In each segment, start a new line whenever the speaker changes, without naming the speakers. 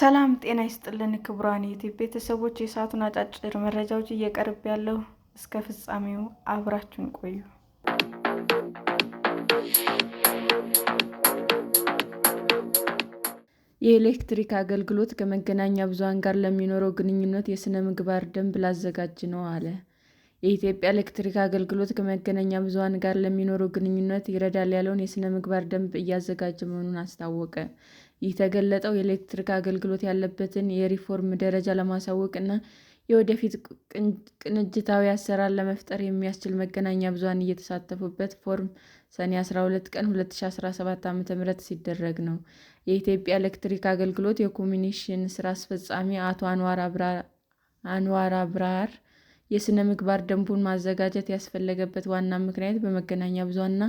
ሰላም ጤና ይስጥልን ክቡራን ዩቲዩብ ቤተሰቦች፣ የሰዓቱን አጫጭር መረጃዎች እየቀርብ ያለው እስከ ፍጻሜው አብራችሁን ቆዩ። የኤሌክትሪክ አገልግሎት ከመገናኛ ብዙኃን ጋር ለሚኖረው ግንኙነት የሥነ ምግባር ደንብ ላዘጋጅ ነው አለ። የኢትዮጵያ ኤሌክትሪክ አገልግሎት ከመገናኛ ብዙኃን ጋር ለሚኖረው ግንኙነት ይረዳል ያለውን የሥነ ምግባር ደንብ እያዘጋጀ መሆኑን አስታወቀ። የተገለጠው የኤሌክትሪክ አገልግሎት ያለበትን የሪፎርም ደረጃ ለማሳወቅ እና የወደፊት ቅንጅታዊ አሰራር ለመፍጠር የሚያስችል መገናኛ ብዙኃን እየተሳተፉበት ፎረም ሰኔ 12 ቀን 2017 ዓ.ም ሲደረግ ነው። የኢትዮጵያ ኤሌክትሪክ አገልግሎት የኮሚኒሽን ስራ አስፈጻሚ አቶ አንዋር አብራር የሥነ ምግባር ደንቡን ማዘጋጀት ያስፈለገበት ዋና ምክንያት በመገናኛ ብዙኃንና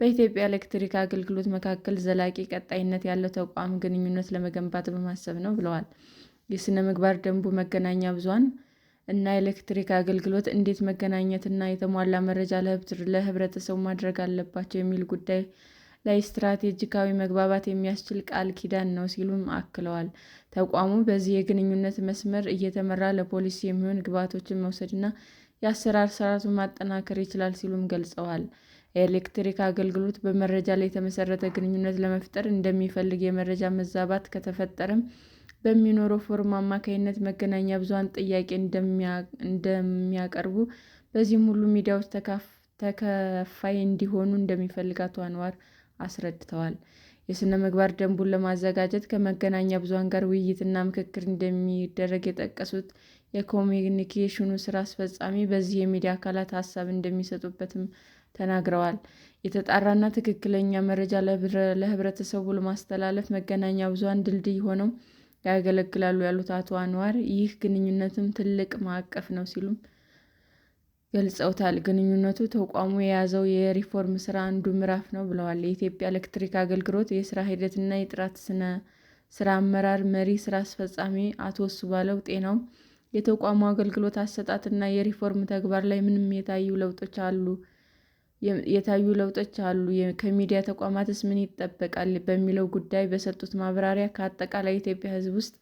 በኢትዮጵያ ኤሌክትሪክ አገልግሎት መካከል ዘላቂ ቀጣይነት ያለው ተቋም ግንኙነት ለመገንባት በማሰብ ነው ብለዋል። የሥነ ምግባር ደንቡ መገናኛ ብዙኃን እና ኤሌክትሪክ አገልግሎት እንዴት መገናኘት እና የተሟላ መረጃ ለህብረተሰቡ ማድረግ አለባቸው የሚል ጉዳይ ላይ ስትራቴጂካዊ መግባባት የሚያስችል ቃል ኪዳን ነው ሲሉም አክለዋል። ተቋሙ በዚህ የግንኙነት መስመር እየተመራ ለፖሊሲ የሚሆን ግብዓቶችን መውሰድና የአሰራር ስርዓቱን ማጠናከር ይችላል ሲሉም ገልጸዋል። የኤሌክትሪክ አገልግሎት በመረጃ ላይ የተመሰረተ ግንኙነት ለመፍጠር እንደሚፈልግ፣ የመረጃ መዛባት ከተፈጠረም በሚኖረው ፎርም አማካኝነት መገናኛ ብዙኃን ጥያቄ እንደሚያቀርቡ፣ በዚህም ሁሉ ሚዲያዎች ተከፋይ እንዲሆኑ እንደሚፈልግ አቶ አንዋር አስረድተዋል። የሥነ ምግባር ደንቡን ለማዘጋጀት ከመገናኛ ብዙኃን ጋር ውይይትና ምክክር እንደሚደረግ የጠቀሱት የኮሚኒኬሽኑ ስራ አስፈጻሚ፣ በዚህ የሚዲያ አካላት ሀሳብ እንደሚሰጡበትም ተናግረዋል። የተጣራና ትክክለኛ መረጃ ለህብረተሰቡ ለማስተላለፍ መገናኛ ብዙሃን ድልድይ ሆነው ያገለግላሉ ያሉት አቶ አንዋር ይህ ግንኙነትም ትልቅ ማዕቀፍ ነው ሲሉም ገልጸውታል። ግንኙነቱ ተቋሙ የያዘው የሪፎርም ስራ አንዱ ምዕራፍ ነው ብለዋል። የኢትዮጵያ ኤሌክትሪክ አገልግሎት የስራ ሂደትና የጥራት ስራ አመራር መሪ ስራ አስፈጻሚ አቶ ባለው ጤናው የተቋሙ አገልግሎት አሰጣትና የሪፎርም ተግባር ላይ ምንም የታዩ ለውጦች አሉ የታዩ ለውጦች አሉ? ከሚዲያ ተቋማትስ ምን ይጠበቃል? በሚለው ጉዳይ በሰጡት ማብራሪያ ከአጠቃላይ የኢትዮጵያ ሕዝብ ውስጥ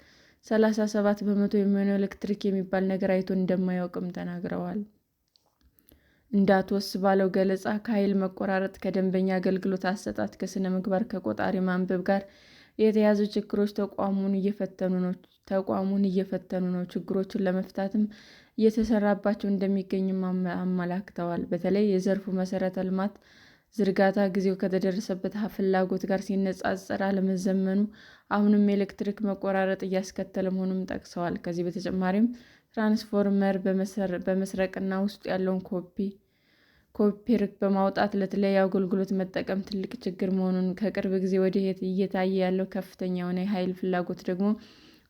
37 በመቶ የሚሆነው ኤሌክትሪክ የሚባል ነገር አይቶ እንደማያውቅም ተናግረዋል። እንደ አቶ ገለጻ ከኃይል መቆራረጥ፣ ከደንበኛ አገልግሎት አሰጣት ከስነ ምግባር፣ ከቆጣሪ ማንበብ ጋር የተያዙ ችግሮች ተቋሙን እየፈተኑ ነው ተቋሙን እየፈተኑ ነው። ችግሮቹን ለመፍታትም እየተሰራባቸው እንደሚገኝም አመላክተዋል። በተለይ የዘርፉ መሰረተ ልማት ዝርጋታ ጊዜው ከተደረሰበት ፍላጎት ጋር ሲነጻጸር አለመዘመኑ አሁንም የኤሌክትሪክ መቆራረጥ እያስከተለ መሆኑን ጠቅሰዋል። ከዚህ በተጨማሪም ትራንስፎርመር በመስረቅና ውስጡ ያለውን ኮፐር በማውጣት ለተለያዩ አገልግሎት መጠቀም ትልቅ ችግር መሆኑን፣ ከቅርብ ጊዜ ወዲህ እየታየ ያለው ከፍተኛ የሆነ የኃይል ፍላጎት ደግሞ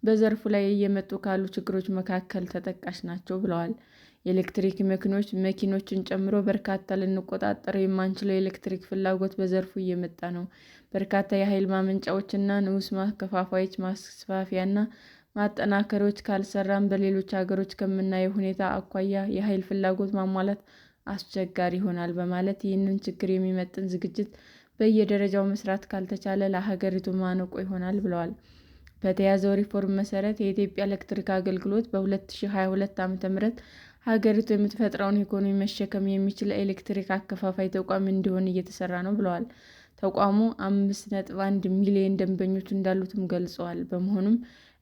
በዘርፉ ላይ እየመጡ ካሉ ችግሮች መካከል ተጠቃሽ ናቸው ብለዋል። የኤሌክትሪክ መኪኖች መኪኖችን ጨምሮ በርካታ ልንቆጣጠረው የማንችለው የኤሌክትሪክ ፍላጎት በዘርፉ እየመጣ ነው። በርካታ የኃይል ማመንጫዎችና ንዑስ ማከፋፋዮች ማስፋፊያና ማጠናከሪያዎች ካልሰራን በሌሎች ሀገሮች ከምናየው ሁኔታ አኳያ የኃይል ፍላጎት ማሟላት አስቸጋሪ ይሆናል በማለት ይህንን ችግር የሚመጥን ዝግጅት በየደረጃው መስራት ካልተቻለ ለሀገሪቱ ማነቆ ይሆናል ብለዋል። በተያዘው ሪፎርም መሰረት የኢትዮጵያ ኤሌክትሪክ አገልግሎት በ2022 ም ሀገሪቱ የምትፈጥረውን ኢኮኖሚ መሸከም የሚችል ኤሌክትሪክ አከፋፋይ ተቋም እንዲሆን እየተሰራ ነው ብለዋል። ተቋሙ 51 ሚሊዮን ደንበኞች እንዳሉትም ገልጸዋል። በመሆኑም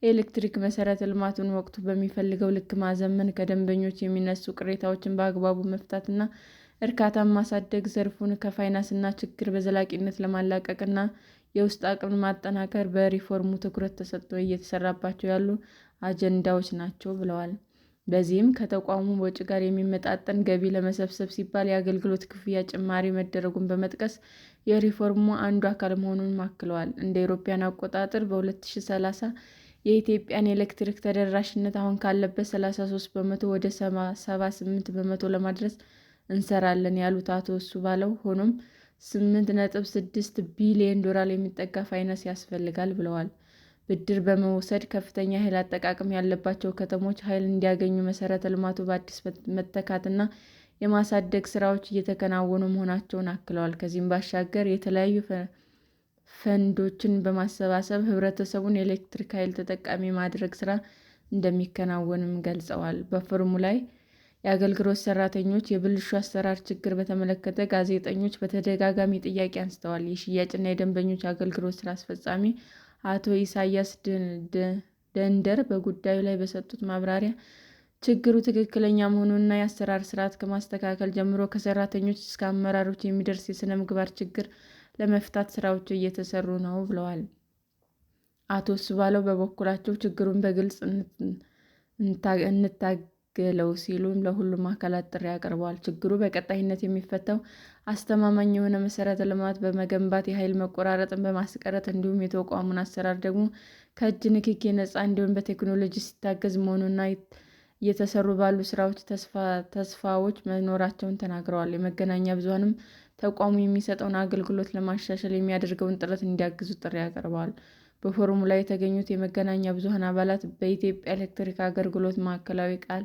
የኤሌክትሪክ መሰረተ ልማቱን ወቅቱ በሚፈልገው ልክ ማዘመን፣ ከደንበኞች የሚነሱ ቅሬታዎችን በአግባቡ መፍታትና እርካታን ማሳደግ፣ ዘርፉን ከፋይናንስ ችግር በዘላቂነት ለማላቀቅና የውስጥ አቅምን ማጠናከር በሪፎርሙ ትኩረት ተሰጥቶ እየተሰራባቸው ያሉ አጀንዳዎች ናቸው ብለዋል። በዚህም ከተቋሙ ወጪ ጋር የሚመጣጠን ገቢ ለመሰብሰብ ሲባል የአገልግሎት ክፍያ ጭማሪ መደረጉን በመጥቀስ የሪፎርሙ አንዱ አካል መሆኑን አክለዋል። እንደ አውሮፓውያን አቆጣጠር በ2030 የኢትዮጵያን ኤሌክትሪክ ተደራሽነት አሁን ካለበት 33 በመቶ ወደ 78 በመቶ ለማድረስ እንሰራለን ያሉት አቶ እሱ ባለው ሆኖም ስምንት ነጥብ ስድስት ቢሊዮን ዶላር የሚጠጋ ፋይናንስ ያስፈልጋል ብለዋል። ብድር በመውሰድ ከፍተኛ ኃይል አጠቃቀም ያለባቸው ከተሞች ኃይል እንዲያገኙ መሠረተ ልማቱ በአዲስ መተካትና የማሳደግ ሥራዎች እየተከናወኑ መሆናቸውን አክለዋል። ከዚህም ባሻገር የተለያዩ ፈንዶችን በማሰባሰብ ህብረተሰቡን የኤሌክትሪክ ኃይል ተጠቃሚ ማድረግ ስራ እንደሚከናወንም ገልጸዋል። በፎረሙ ላይ የአገልግሎት ሰራተኞች የብልሹ አሰራር ችግር በተመለከተ ጋዜጠኞች በተደጋጋሚ ጥያቄ አንስተዋል። የሽያጭና የደንበኞች አገልግሎት ስራ አስፈጻሚ አቶ ኢሳያስ ደንደር በጉዳዩ ላይ በሰጡት ማብራሪያ ችግሩ ትክክለኛ መሆኑንና የአሰራር ስርዓት ከማስተካከል ጀምሮ ከሰራተኞች እስከ አመራሮች የሚደርስ የስነ ምግባር ችግር ለመፍታት ስራዎች እየተሰሩ ነው ብለዋል። አቶ ስባለው በበኩላቸው ችግሩን በግልጽ ገለው ሲሉም ለሁሉም አካላት ጥሪ አቅርበዋል። ችግሩ በቀጣይነት የሚፈታው አስተማማኝ የሆነ መሠረተ ልማት በመገንባት የኃይል መቆራረጥን በማስቀረት እንዲሁም የተቋሙን አሰራር ደግሞ ከእጅ ንክኪ ነፃ እንዲሁም በቴክኖሎጂ ሲታገዝ መሆኑና እየተሰሩ ባሉ ስራዎች ተስፋዎች መኖራቸውን ተናግረዋል። የመገናኛ ብዙኃንም ተቋሙ የሚሰጠውን አገልግሎት ለማሻሻል የሚያደርገውን ጥረት እንዲያግዙ ጥሪ አቅርበዋል። በፎረሙ ላይ የተገኙት የመገናኛ ብዙሃን አባላት በኢትዮጵያ ኤሌክትሪክ አገልግሎት ማዕከላዊ ቃል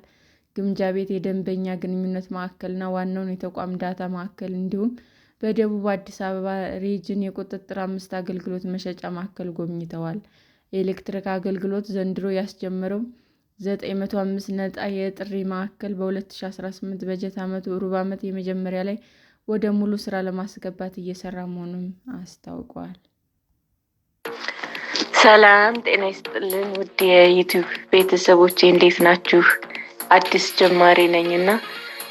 ግምጃ ቤት የደንበኛ ግንኙነት ማዕከልና ዋናውን የተቋም ዳታ ማዕከል እንዲሁም በደቡብ አዲስ አበባ ሪጅን የቁጥጥር አምስት አገልግሎት መሸጫ ማዕከል ጎብኝተዋል። የኤሌክትሪክ አገልግሎት ዘንድሮ ያስጀመረው ዘጠኝ መቶ አምስት ነጣ የጥሪ ማዕከል በ2018 በጀት ዓመቱ ሩብ ዓመት የመጀመሪያ ላይ ወደ ሙሉ ስራ ለማስገባት እየሰራ መሆኑን አስታውቋል።
ሰላም ጤና ይስጥልን ውድ የዩቲዩብ ቤተሰቦች እንዴት ናችሁ? አዲስ ጀማሪ ነኝ እና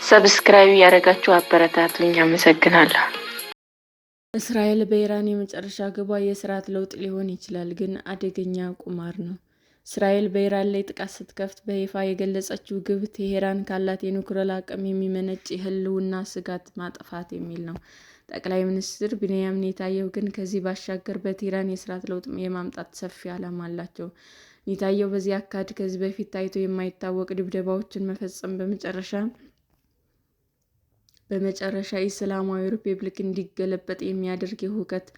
ሰብስክራይብ ያደረጋችሁ አበረታቱኝ። አመሰግናለሁ።
እስራኤል በኢራን የመጨረሻ ግቧ የስርዓት ለውጥ ሊሆን ይችላል፣ ግን አደገኛ ቁማር ነው። እስራኤል በኢራን ላይ ጥቃት ስትከፍት በይፋ የገለጸችው ግብ ቴሄራን ካላት የኒውክሌር አቅም የሚመነጭ የህልውና ስጋት ማጥፋት የሚል ነው። ጠቅላይ ሚኒስትር ቢንያሚን ኔታንያሁ ግን ከዚህ ባሻገር በቴሄራን የስርዓት ለውጥ የማምጣት ሰፊ ዓላማ አላቸው። የታየው በዚህ አካድ ከዚህ በፊት ታይቶ የማይታወቅ ድብደባዎችን መፈጸም በመጨረሻ በመጨረሻ ኢስላማዊ ሪፐብሊክ እንዲገለበጥ የሚያደርግ የሁከት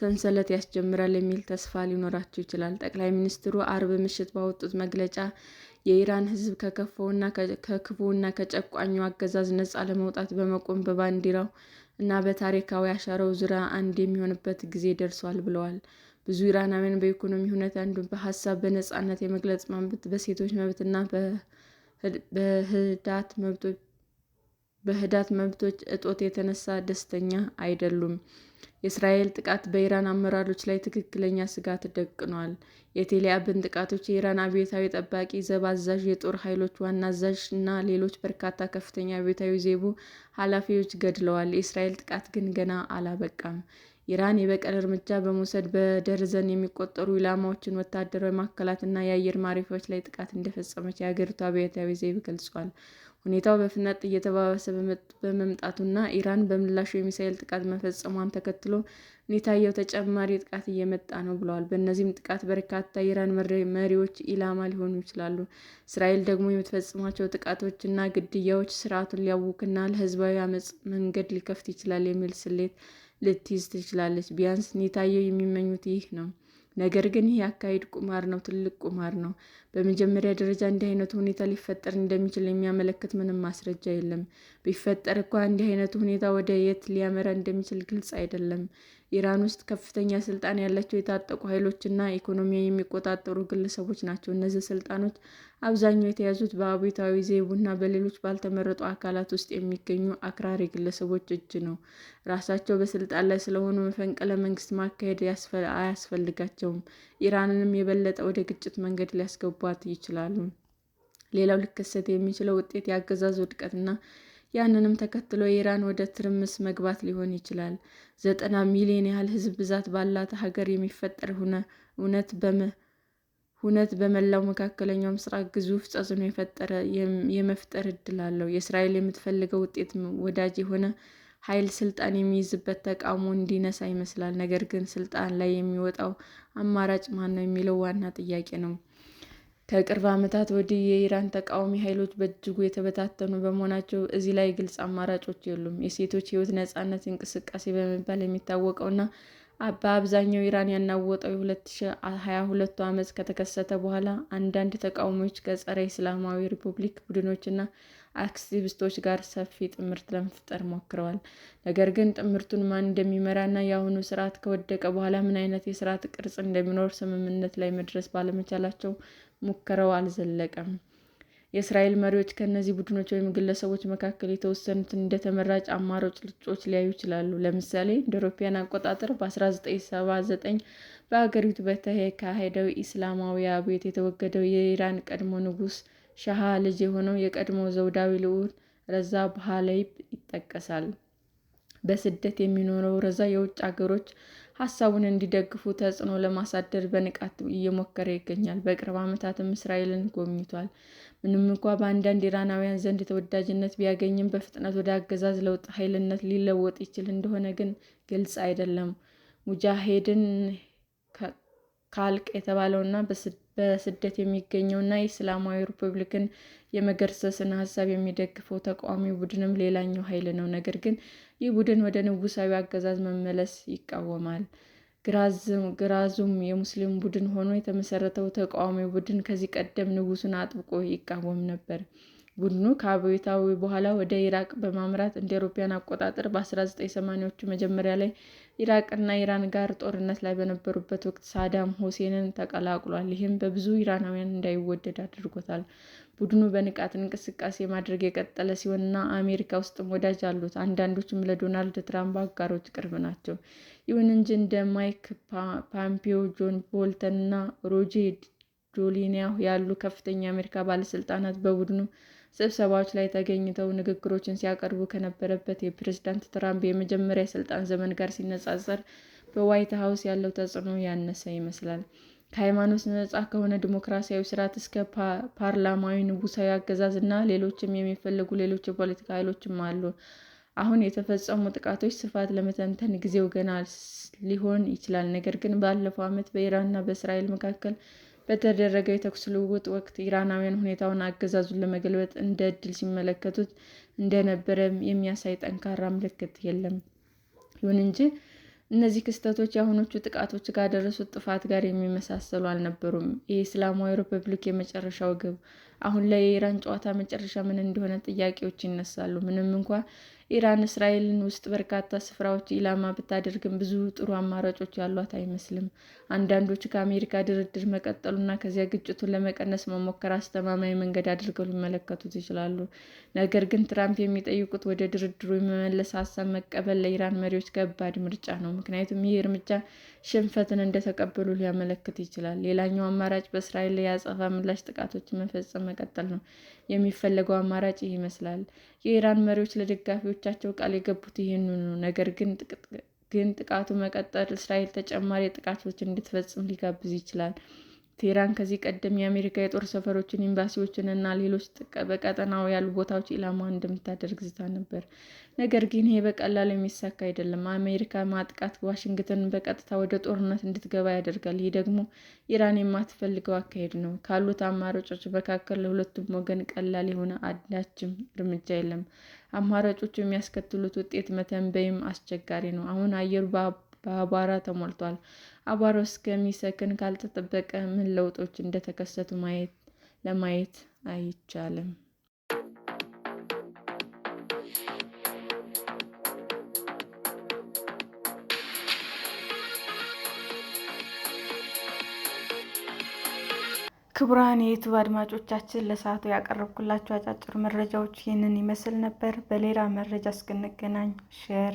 ሰንሰለት ያስጀምራል የሚል ተስፋ ሊኖራቸው ይችላል። ጠቅላይ ሚኒስትሩ አርብ ምሽት ባወጡት መግለጫ የኢራን ሕዝብ ከከፋውና ከክፉና ከጨቋኙ አገዛዝ ነፃ ለመውጣት በመቆም በባንዲራው እና በታሪካዊ አሻራው ዙሪያ አንድ የሚሆንበት ጊዜ ደርሷል ብለዋል። ብዙ ኢራናውያን በኢኮኖሚ ሁኔታ እንዲሁም በሀሳብ በነጻነት የመግለጽ መብት፣ በሴቶች መብትና በህዳት መብቶች እጦት የተነሳ ደስተኛ አይደሉም። የእስራኤል ጥቃት በኢራን አመራሮች ላይ ትክክለኛ ስጋት ደቅኗል። የቴል አቪቭን ጥቃቶች የኢራን አብዮታዊ ጠባቂ ዘብ አዛዥ፣ የጦር ኃይሎች ዋና አዛዥ እና ሌሎች በርካታ ከፍተኛ አብዮታዊ ዜቡ ኃላፊዎች ገድለዋል። የእስራኤል ጥቃት ግን ገና አላበቃም። ኢራን የበቀል እርምጃ በመውሰድ በደርዘን የሚቆጠሩ ኢላማዎችን፣ ወታደራዊ ማዕከላትና የአየር ማረፊያዎች ላይ ጥቃት እንደፈጸመች የሀገሪቱ አብዮታዊ ዘብ ገልጿል። ሁኔታው በፍጥነት እየተባባሰ በመምጣቱና ኢራን በምላሹ የሚሳኤል ጥቃት መፈጸሟን ተከትሎ ኔታንያሁ ተጨማሪ ጥቃት እየመጣ ነው ብለዋል። በእነዚህም ጥቃት በርካታ የኢራን መሪዎች ኢላማ ሊሆኑ ይችላሉ። እስራኤል ደግሞ የምትፈጽማቸው ጥቃቶችና ግድያዎች ስርዓቱን ሊያውክና ለህዝባዊ አመፅ መንገድ ሊከፍት ይችላል የሚል ስሌት ልትይዝ ትችላለች። ቢያንስ ኔታየው የሚመኙት ይህ ነው። ነገር ግን ይህ አካሄድ ቁማር ነው፣ ትልቅ ቁማር ነው። በመጀመሪያ ደረጃ እንዲህ አይነቱ ሁኔታ ሊፈጠር እንደሚችል የሚያመለክት ምንም ማስረጃ የለም። ቢፈጠር እንኳ እንዲህ አይነቱ ሁኔታ ወደ የት ሊያመራ እንደሚችል ግልጽ አይደለም። ኢራን ውስጥ ከፍተኛ ስልጣን ያላቸው የታጠቁ ኃይሎችና ኢኮኖሚን የሚቆጣጠሩ ግለሰቦች ናቸው። እነዚህ ስልጣኖች አብዛኛው የተያዙት በአብዮታዊ ዘቡ እና በሌሎች ባልተመረጡ አካላት ውስጥ የሚገኙ አክራሪ ግለሰቦች እጅ ነው። ራሳቸው በስልጣን ላይ ስለሆኑ መፈንቅለ መንግስት ማካሄድ አያስፈልጋቸውም። ኢራንንም የበለጠ ወደ ግጭት መንገድ ሊያስገቧት ይችላሉ። ሌላው ሊከሰት የሚችለው ውጤት የአገዛዝ ውድቀትና ያንንም ተከትሎ ኢራን ወደ ትርምስ መግባት ሊሆን ይችላል። ዘጠና ሚሊዮን ያህል ህዝብ ብዛት ባላት ሀገር የሚፈጠር ሁነት በመላው መካከለኛው ምስራቅ ግዙፍ ተጽዕኖ የመፍጠር እድል አለው። የእስራኤል የምትፈልገው ውጤት ወዳጅ የሆነ ኃይል ስልጣን የሚይዝበት ተቃውሞ እንዲነሳ ይመስላል። ነገር ግን ስልጣን ላይ የሚወጣው አማራጭ ማን ነው የሚለው ዋና ጥያቄ ነው። ከቅርብ ዓመታት ወዲህ የኢራን ተቃዋሚ ኃይሎች በእጅጉ የተበታተኑ በመሆናቸው፣ እዚህ ላይ ግልጽ አማራጮች የሉም። የሴቶች ሕይወት ነፃነት እንቅስቃሴ በመባል የሚታወቀውና በአብዛኛው ኢራን ያናወጠው የ2022 ዓመፅ ከተከሰተ በኋላ፣ አንዳንድ ተቃዋሚዎች ከጸረ እስላማዊ ሪፐብሊክ ቡድኖችና አክቲቪስቶች ጋር ሰፊ ጥምርት ለመፍጠር ሞክረዋል። ነገር ግን ጥምርቱን ማን እንደሚመራና የአሁኑ ስርዓት ከወደቀ በኋላ ምን አይነት የስርዓት ቅርጽ እንደሚኖር ስምምነት ላይ መድረስ ባለመቻላቸው ሙከራው አልዘለቀም። የእስራኤል መሪዎች ከእነዚህ ቡድኖች ወይም ግለሰቦች መካከል የተወሰኑትን እንደ ተመራጭ አማራጭ ልጮች ሊያዩ ይችላሉ። ለምሳሌ እንደ አውሮፓውያን አቆጣጠር በ1979 በአገሪቱ በተካሄደው ኢስላማዊ አብዮት የተወገደው የኢራን ቀድሞ ንጉስ ሻሃ ልጅ የሆነው የቀድሞ ዘውዳዊ ልዑል ረዛ ፓህሌቪ ይጠቀሳል። በስደት የሚኖረው ረዛ የውጭ አገሮች ሀሳቡን እንዲደግፉ ተጽዕኖ ለማሳደር በንቃት እየሞከረ ይገኛል። በቅርብ ዓመታትም እስራኤልን ጎብኝቷል። ምንም እንኳ በአንዳንድ ኢራናውያን ዘንድ ተወዳጅነት ቢያገኝም በፍጥነት ወደ አገዛዝ ለውጥ ኃይልነት ሊለወጥ ይችል እንደሆነ ግን ግልጽ አይደለም። ሙጃሄድን ካልቅ የተባለውና በስደት የሚገኘው እና የእስላማዊ ሪፐብሊክን የመገርሰስን ሀሳብ የሚደግፈው ተቃዋሚ ቡድንም ሌላኛው ኃይል ነው። ነገር ግን ይህ ቡድን ወደ ንጉሳዊ አገዛዝ መመለስ ይቃወማል። ግራዙም የሙስሊም ቡድን ሆኖ የተመሰረተው ተቃዋሚ ቡድን ከዚህ ቀደም ንጉሱን አጥብቆ ይቃወም ነበር። ቡድኑ ከአብዮታዊ በኋላ ወደ ኢራቅ በማምራት እንደ አውሮፓውያን አቆጣጠር በ1980ዎቹ መጀመሪያ ላይ ኢራቅና ኢራን ጋር ጦርነት ላይ በነበሩበት ወቅት ሳዳም ሁሴንን ተቀላቅሏል። ይህም በብዙ ኢራናውያን እንዳይወደድ አድርጎታል። ቡድኑ በንቃት እንቅስቃሴ ማድረግ የቀጠለ ሲሆን አሜሪካ ውስጥም ወዳጅ አሉት። አንዳንዶቹም ለዶናልድ ትራምፕ አጋሮች ቅርብ ናቸው። ይሁን እንጂ እንደ ማይክ ፓምፒዮ፣ ጆን ቦልተን እና ሮጄ ዶሊኒያ ያሉ ከፍተኛ የአሜሪካ ባለስልጣናት በቡድኑ ስብሰባዎች ላይ ተገኝተው ንግግሮችን ሲያቀርቡ ከነበረበት የፕሬዝዳንት ትራምፕ የመጀመሪያ የስልጣን ዘመን ጋር ሲነጻጸር በዋይት ሀውስ ያለው ተጽዕኖ ያነሰ ይመስላል። ከሃይማኖት ነጻ ከሆነ ዲሞክራሲያዊ ስርዓት እስከ ፓርላማዊ ንጉሣዊ አገዛዝ እና ሌሎችም የሚፈልጉ ሌሎች የፖለቲካ ኃይሎችም አሉ። አሁን የተፈጸሙ ጥቃቶች ስፋት ለመተንተን ጊዜው ገና ሊሆን ይችላል። ነገር ግን ባለፈው ዓመት በኢራን እና በእስራኤል መካከል በተደረገው የተኩስ ልውውጥ ወቅት ኢራናውያን ሁኔታውን አገዛዙን ለመገልበጥ እንደ እድል ሲመለከቱት እንደነበረ የሚያሳይ ጠንካራ ምልክት የለም። ይሁን እንጂ እነዚህ ክስተቶች የአሁኖቹ ጥቃቶች ካደረሱት ጥፋት ጋር የሚመሳሰሉ አልነበሩም። የእስላማዊ ሪፐብሊክ የመጨረሻው ግብ አሁን ላይ የኢራን ጨዋታ መጨረሻ ምን እንደሆነ ጥያቄዎች ይነሳሉ። ምንም እንኳ ኢራን እስራኤልን ውስጥ በርካታ ስፍራዎች ኢላማ ብታደርግም ብዙ ጥሩ አማራጮች ያሏት አይመስልም። አንዳንዶቹ ከአሜሪካ ድርድር መቀጠሉና ከዚያ ግጭቱን ለመቀነስ መሞከር አስተማማኝ መንገድ አድርገው ሊመለከቱት ይችላሉ። ነገር ግን ትራምፕ የሚጠይቁት ወደ ድርድሩ የመመለስ ሀሳብ መቀበል ለኢራን መሪዎች ከባድ ምርጫ ነው። ምክንያቱም ይህ እርምጃ ሽንፈትን እንደተቀበሉ ሊያመለክት ይችላል። ሌላኛው አማራጭ በእስራኤል ላይ የአጸፋ ምላሽ ጥቃቶችን መፈጸም መቀጠል ነው። የሚፈለገው አማራጭ ይህ ይመስላል። የኢራን መሪዎች ለደጋፊዎቻቸው ቃል የገቡት ይህንኑ ነው። ነገር ግን ጥቃቱ መቀጠል እስራኤል ተጨማሪ ጥቃቶችን እንድትፈጽም ሊጋብዝ ይችላል። ቴህራን ከዚህ ቀደም የአሜሪካ የጦር ሰፈሮችን፣ ኤምባሲዎችን እና ሌሎች በቀጠናው ያሉ ቦታዎች ኢላማ እንደምታደርግ ዝታ ነበር። ነገር ግን ይሄ በቀላሉ የሚሳካ አይደለም። አሜሪካ ማጥቃት ዋሽንግተንን በቀጥታ ወደ ጦርነት እንድትገባ ያደርጋል። ይህ ደግሞ ኢራን የማትፈልገው አካሄድ ነው። ካሉት አማራጮች መካከል ለሁለቱም ወገን ቀላል የሆነ አንዳችም እርምጃ የለም። አማራጮቹ የሚያስከትሉት ውጤት መተንበይም አስቸጋሪ ነው። አሁን አየሩ በአቧራ ተሞልቷል። አቧሮ እስከሚሰክን ካልተጠበቀ ምን ለውጦች እንደተከሰቱ ማየት ለማየት አይቻልም። ክቡራን የዩቱብ አድማጮቻችን ለሰዓቱ ያቀረብኩላችሁ አጫጭር መረጃዎች ይህንን ይመስል ነበር። በሌላ መረጃ እስክንገናኝ ሼር